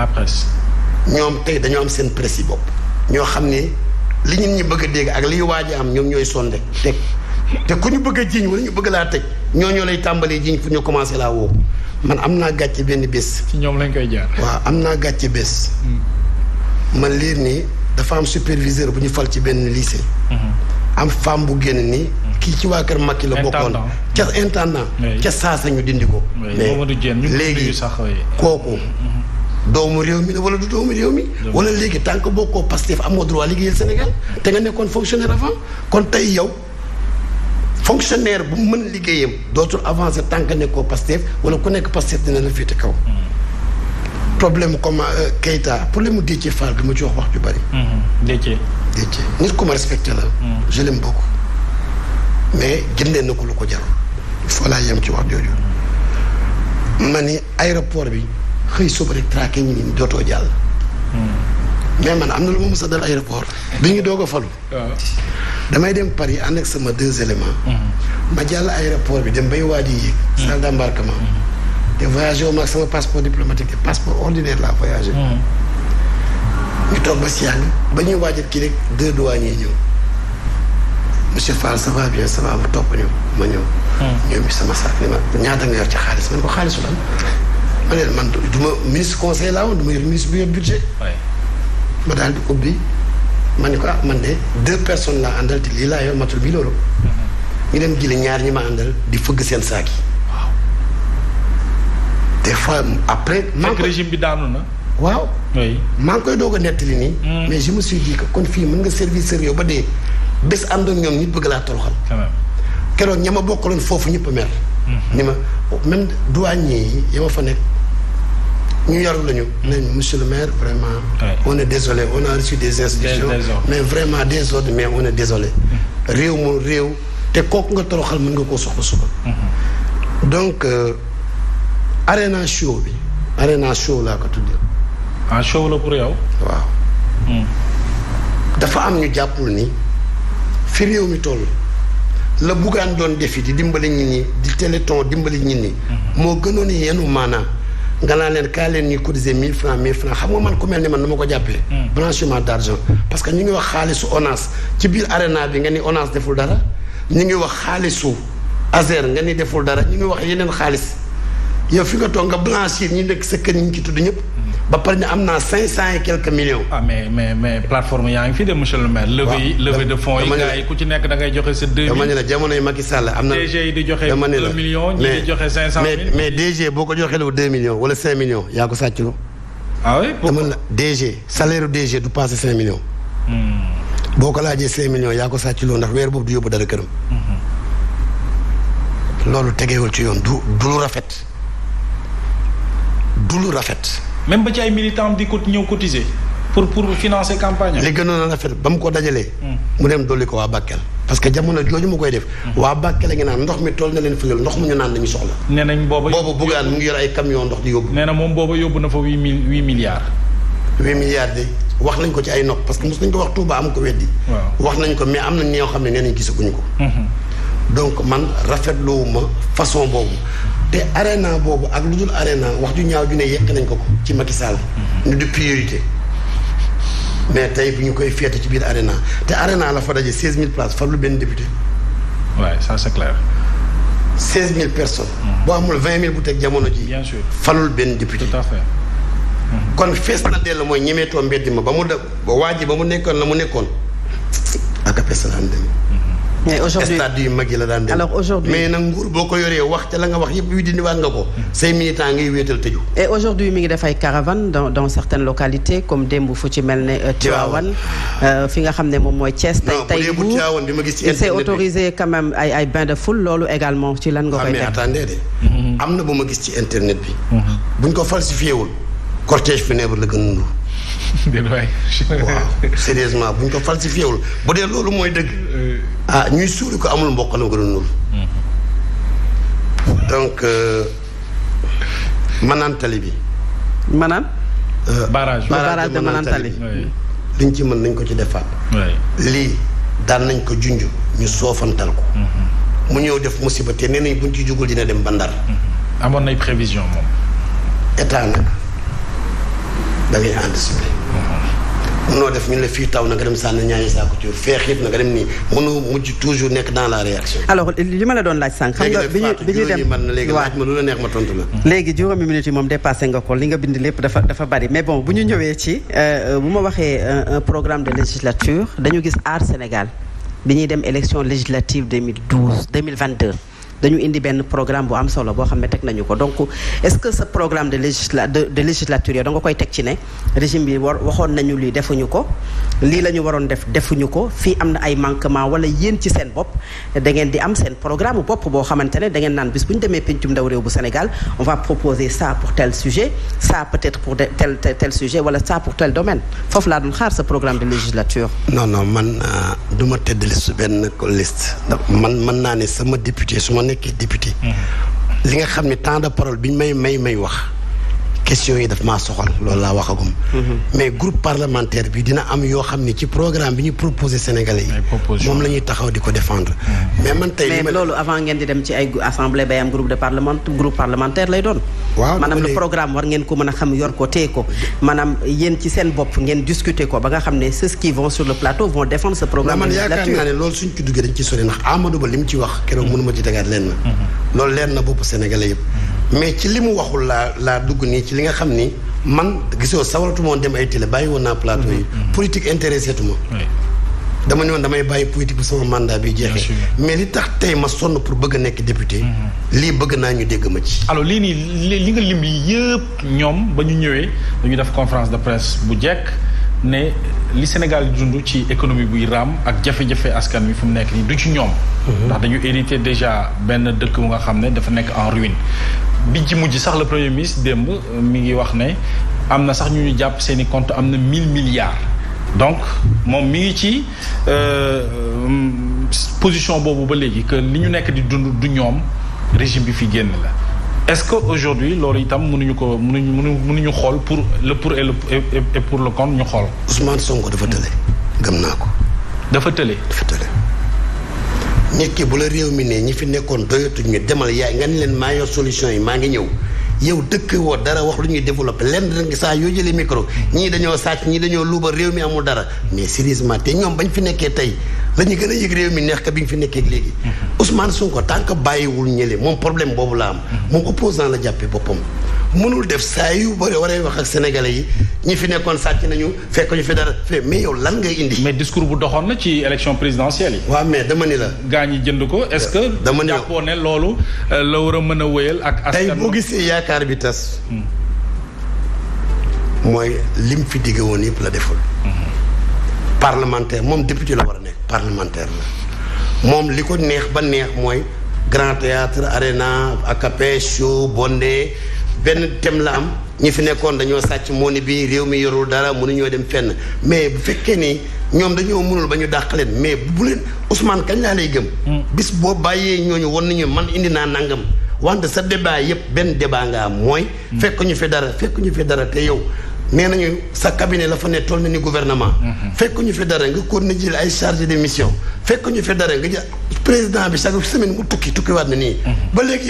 la presse. ñoom tey dañoo am seen presse yi bopp ñoo xam ne li ñu ñu bëgg a dégg ak liy waaj a am ñoom ñooy sonde teg te ku ñu bëgg a jiiñ wala ñu bëgg laa teg ñoo ñoo lay tàmbalee jiiñ fu ñu commencé laa woo man am naa gàcce benn bés. ci ñoom lañ koy jaar. waaw am naa gàcce bés. Hmm. man liir nii dafa am superviseur bu ñu fal ci benn lycée. Hmm. am femme bu génn nii. Hmm. kii ci waa kër Macky la bokkoon ca intendant ca saasa ñu dindi ko. léegi kooku. doomu réew mi la wala du doomu réew mi. wala léegi tant que bokkoo Pastef amoo droit liggéeyal Sénégal te nga nekkoon fonctionnaire avant kon tey yow fonctionnaire bu mën liggéeyam dootul avancer tant que nekkoo Pastef wala ku nekk Pastef dina la féete kaw. Hmm. problème comme euh, Keita problème mu Déthié Fall dama ci wax wax ju bari. Hmm, hmm. Déthié. Déthié nit ku ma respecté la. je l'aime beaucoup mais jëndee na ko lu ko jarul. il laa yem ci wax jooju. ma ni aéroport bi. xëy suba rek traqué ñu ni dootoo jàll. Hmm. mais man am na lu ma mës a dal aéroport hmm. bi ñu doog a falu. Ah. damay dem Paris ànd ak sama deux éléments. Hmm. ma jàll aéroport bi dem bay waaj a yéeg. salle d' embarquement. te voyagé wu ma ak sama passeport diplomatique te ordinaire laa voyagé. ñu toog ba si yàgg ba ñuy waajal kii rek deux douaniers ñëw. monsieur Fall ça va bien topp ñu ma ñëw. ñoom bi sama saak ni ma ñaata nga yor ci xaalis man ko xaalisu lan. ma man du ma ministre conseil laa woon du ma yor ma daal di ubbi ma ne ko ah man de deux personnes laa àndal te lii laa yor matul bii loolu mhm. ñu dem jëli ñaar ñi ma àndal di fëgg seen saak te des fois après maa bi daanu na waaw maa koy doog a nettali nii mm. mais je me suis kon fii mën nga service yow ba dee bés àndoon ñoom nit bëgg laa toroxal keroog ña ma bokkaloon foofu ñëpp mer mm-hmm. ni ma même douanier yi ya fa nekk ñu yaru mm. lañu nañ monsieur le maire vraiment ouais. on est désolé on a reçu des instructions mais vraiment des ordres mais on est désolé mm. réew moo réew te kooku nga toroxal mën nga koo suqa suqa mm-hmm. donc euh, show bi arena show laa ko tuddee ah show la pour yow waaw mm. dafa am ñu jàppul ni fi réew mi toll la buggaan doon defi di dimbali ñit ñi di téléthon dimbali ñit ñi mm-hmm. moo gënoon yenu maanaa nga naan leen kaa leen ñuy cotiser mille francs mille francs xam nga man ku mel ni man nu ma ko jàppee. Hmm. blanchiment d' argent. parce que ñu ngi wax xaalisu ONAS ci biir arena bi nga ni ONAS deful dara ñu ngi wax xaalisu ASER nga ni deful dara ñu ngi wax yeneen xaalis. yow fi nga toog nga blanchir ñi nekk sa kër ñi ci tudd ñëpp. ba pare ne am naa cinq cent et quelques millions. ah mais mais mais plateforme yaa ngi fi de monsieur le maire. levée yi levée de fonds yi gars yi ku ci nekk da ngay joxe sa deux mille. dama ne la jamono yi Macky am na. DG di joxe boo ko ah la DG salaire DG du passé cinq millions. Hmm. boo ko laajee cinq millions yaa ko sàcc loo ndax weer boobu du yóbbu dara këram. Hmm. loolu tegewul ci yoon du du lu rafet. du lu rafet. même ba ci ay militants di ko ñëw cotiser. pour pour financer campagne li gënoon a rafet ba mu ko dajalee. Hmm. mu dem dolli ko waa Bakel. parce que jamono jooju mu koy def. Hmm. waa Bakel a ngi naan ndox mi toll na leen fëleel ndox mu ñu naan la ñu soxla. nee nañ booba boobu buggaan mu ngi yor ay camion ndox di yóbbu. nee na moom booba yóbbu na fa huit milliards. huit milliards de wax nañ ko ci ay nopp parce que mos nañ ko wax Touba am ko weddi. donc man ma façon boobu te arena boobu ak lu dul arena wax ju ñaaw ju ne yekk nañ ko ko ci Macky Sall ni du priorité mais tey bi ñu koy féete ci biir arena te arena la fa daje seize mille places fa benn député waaw ça c'est clair mm. boo amul vingt mille bu teg jamono ji bien sûr falul benn député tout à mm. kon fees na dell mooy ñemeetoo mbedd ma ba mu de ba waa ba mu nekkoon la mu nekkoon ak a pes la mais aujourd'hui stade yu mag la daan dem mais nag nguur boo ko yoree wax ca la nga wax yëpp yu dindiwaat nga ko say militants ngay wéetal tëju et aujourd'hui mi ngi def ay caravane dans dans certaines localités comme démb fu ci mel ne euh, Tivaouane euh, fi nga xam ne moom mooy Thiès tey tey bu Tivaouane bi ma gis ci c'est autorisé quand même ay ay bain de foule ci lan nga ah, koy teg attendez mm-hmm. na bu ma gis ci internet bi mm-hmm. buñ ko falsifié wul cortège funèbre la gën a déedéet waaw sérieusement bu ñu ko falsifié wul bu dee loolu mooy dëgg. Euh. ah ñuy suuli ko amul mboq la ko doon nuru. donc euh, Manantali bi. Manan. Euh, barrage barrage de Manantali ci mën nañ ko ci defaat. lii daan nañ ko junj ñu soofantal ko. Mm-hmm. mu ñëw def musiba te nee nañ buñ ci jugul dina dem ba mm-hmm. amoon nay prévision moom. état nag da ngay anticiper. mënoo def ñu ne fii taw na nga dem sànni ñaari saako ci feex yëpp na nga dem nii mënoo mujj toujours nekk dans la réaction. alors li ma la doon laaj sànq. xam nga bi ñu bi ñu dem léegi laaj ma lu la neex ma tontu la. léegi juróomi minutes yi moom dépassé nga ko li nga bind lépp dafa dafa bari mais bon bu ñu ñëwee ci euh, bu ma waxee un programme de législature dañu gis aar Sénégal bi ñuy dem élection législative 2012 2022. dañu indi benn programme bu am solo boo xam ne teg nañu ko donc est-ce que sa programme de législa de de législature yow da nga koy teg ci ne régime bi war waxoon nañu lii defuñu ko lii la ñu waroon def defuñu ko fii am na ay manquement wala yéen ci seen bopp da ngeen di am seen programme bopp boo xamante ne da ngeen naan bis bu ñu demee pencum ndaw réew bu Sénégal on va proposer ça pour tel sujet ça peut-être pour tel tel sujet wala ça pour tel domaine foofu laa doon xaar sa programme de législature. non non man euh, duma tëdd liste benn liste man mën naa ne sama député su ma nekkee député. Mhm. li nga xam ne temps de parole bi ñu may may may wax question yi daf maa soxal loolu laa waxagum. Mhm. mais groupe parlementaire bi dina am yoo xam ne ci programme bi ñu proposé Sénégalais yi. moom la taxaw di ko défendre. Mhm. mais man tey loolu avant ngeen di dem ci ay assemblée bay am groupe de parlement groupe parlementaire lay doon. waaw maanaam programme war ngeen ko mën a xam yor ko téye ko maanaam yéen ci seen bopp ngeen discuter ko ba nga xam ne ceux qui vont sur le plateau vont défendre ce programme. man yaakaar naa ne loolu suñ ci duggee dañ ci sori ndax Amadou Ba li mu ci wax keroog mm-hmm. mënu ma ci leen na mm-hmm. loolu leen na bopp Sénégalais yëpp mm-hmm. mais ci li mu waxul laa laa dugg nii ci li nga xam ni man gisoo sawaratu moon dem ay télé bàyyi woon naa plateau yi politique intéressé dama ne woon damay bàyyi politique bu sama mandat bi jeexee. mais li tax tey ma sonn pour bëgg a nekk député. lii bëgg naa ñu dégg ma ci. alors lii nii li nga lim yi yëpp ñoom ba ñu ñëwee dañu def confrance de presse bu jekk ne li Sénégal dund ci économie buy raam ak jafe-jafe askan wi fu mu nekk nii du ci ñoom. Mhm. ndax dañu hérité déjà benn dëkk bu nga xam ne dafa nekk en ruine. bi ci mujj sax la premier ministre démb mi ngi wax ne am na sax ñu ñu jàpp seen i compte am na mille milliards. donc moom mi ngi ci euh, position boobu ba léegi que li ñu nekk di dund du ñoom régime bi fi génn la est-ce que aujourd'hui loolu itam mënuñu ko mënuñu mënuñu xool pour le pour et le et pour le contre ñu xool. Ousmane Sonko dafa tële. gëm naa ko. dafa tële. dafa tële bu la réew mi ne ñi fi nekkoon doyatuñu demal yaay nga ni leen maa yor solution yi maa ngi ñëw. yow dëkk woo dara wax lu ñuy développé lenn rek saa yoo jëlee micro ñii dañoo sàcc ñii dañoo luuba réew mi amul dara mais sérieusement te ñoom bañ fi nekkee tey dañuy gën a yëg réew mi neex ka bi ñu fi nekkee léegi. Ousmane Sonko tant que bàyyiwul ñële moom problème boobu la am. moom opposant la jàppee boppam. mënul def saa yu bëri waree wax ak sénégalais yi ñi fi nekkoon sàcc nañu fekk ñu fi dara fii mais yow lan ngay indi. mais discours bu doxoon na ci élection présidentielle yi. waaw mais dama ni la. gaa ñi jënd ko est-ce que. Euh, dama ni la loolu euh, la war a mën a wéyal ak. askan tey boo gisee yaakaar bi tas. Hmm. mooy lim fi digg woon yëpp la deful. Hmm. parlementaire moom député la war a nekk. parlementaire la moom li ko neex ba neex mooy grand théâtre arena akapé show bonde benn thème la am ñi fi nekkoon dañoo sàcc moo bi réew mi yorul dara mun mënuñoo dem fenn mais bu fekkee ni ñoom dañoo mënul ba ñu dàq leen mais bu leen Ousmane kañ laa lay gëm. Hmm. bis boo bàyyee ñooñu wan nañu man indi naa nangam wante sa débat yépp benn débat nga am mooy. Hmm. fekk ñu fi dara fekk ñu fi dara te yow nee nañu sa cabinet la fa ne toll na ni gouvernement. Mhm. fekk ñu fi dara nga kon na jël ay chargé de mission fekk ñu fi dara nga jël président bi chaque semaine mu tukki tukkiwaat na nii. Mhm. ba léegi.